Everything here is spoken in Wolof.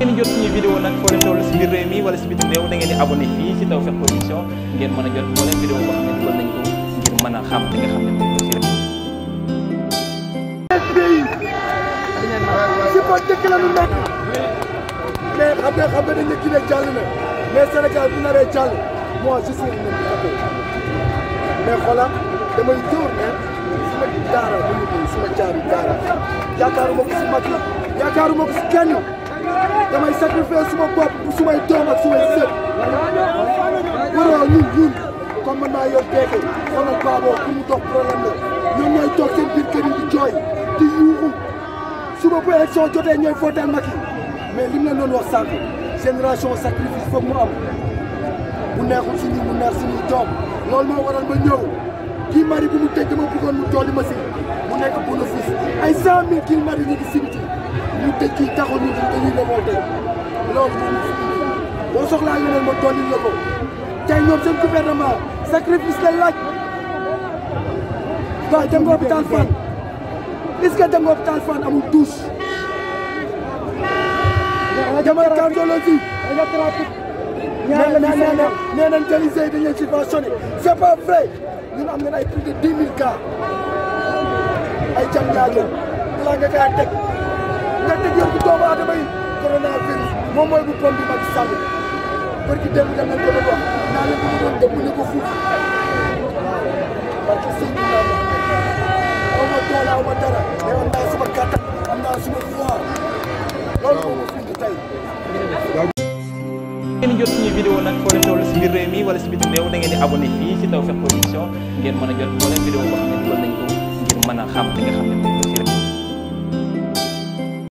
ngeen jot suñu vidéo nag foo leen toll si biir réew mi wala si bitim réew da ngeen di abonné fii si Tawfekh mën a jot moo leen vidéo boo xam ne dugal nañ ko ngir mën a xam li ne moom la rek. si ban dëkk la si mag damay sacrifier suma bopp sumay doom ak sumay sët waroo ñun ñun comme man maa yor deeke sama baaboo pour mu dox problème la ñoom ñooy toog seen biir kër yi di jooy di yuuxu suba bu élection jotee ñooy votel Macky mais li mu la doon wax sànq génération sacrifice foog mu am bu neexul suñu mu neex suñuy doom loolu moo waral ma ñëw mari bu mu tëj dama bëggoon mu jolli ma si mu nekk bénéfice ay cent mille mari ñu ngi simiti ñu tëj kii taxul ñu dañuy remonté loolu moom boo soxlaa yeneen ma dolli la ko tey ñoom seen gouvernement sacrifice la laaj waaw dem nga hôpital Fann est-ce que dem nga hôpital Fann amul douche demal cardiologie nee nañ Colisée yi dañ leen subventionné c'est pas vrai ñun am nañ ay plus de dix ay jam ñaajo balaa nga kaa nga tëj yow ci doomu aadama yi coronavirus moom mooy bu pom bi Macky Sall parce que démb dem nañ ko doon wax naa leen ko doon démb ne ko fuuf parce que sëñ bi laa wax aw ma doole aw ma dara mais am naa sama kàttan am naa sama foi loolu moo ma fuuf tey ngeen jot suñu vidéo nag foo leen toll si biir réew mi wala si biti réew da ngeen di abonné fii si Tawfekh Production ngeen mën a jot moo leen vidéo boo xam ne dugal nañ ko ngir mën a xam li nga xam ne